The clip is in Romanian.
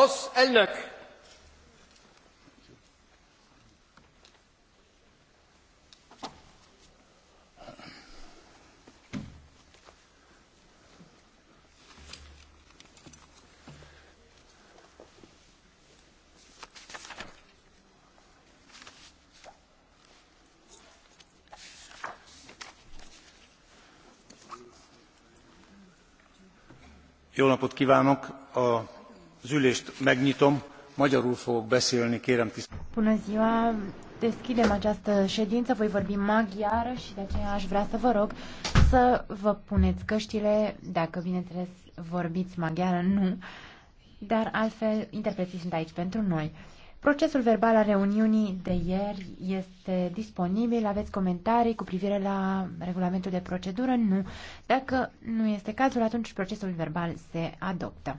Os elnök! Jó napot kívánok! A Az ülést megnyitom, magyarul fogok beszélni, kérem deschidem această ședință, voi vorbi maghiară și de aceea aș vrea să vă rog să vă puneți căștile, dacă bineînțeles vorbiți maghiară, nu, dar altfel interpreții sunt aici pentru noi. Procesul verbal al reuniunii de ieri este disponibil. Aveți comentarii cu privire la regulamentul de procedură? Nu. Dacă nu este cazul, atunci procesul verbal se adoptă.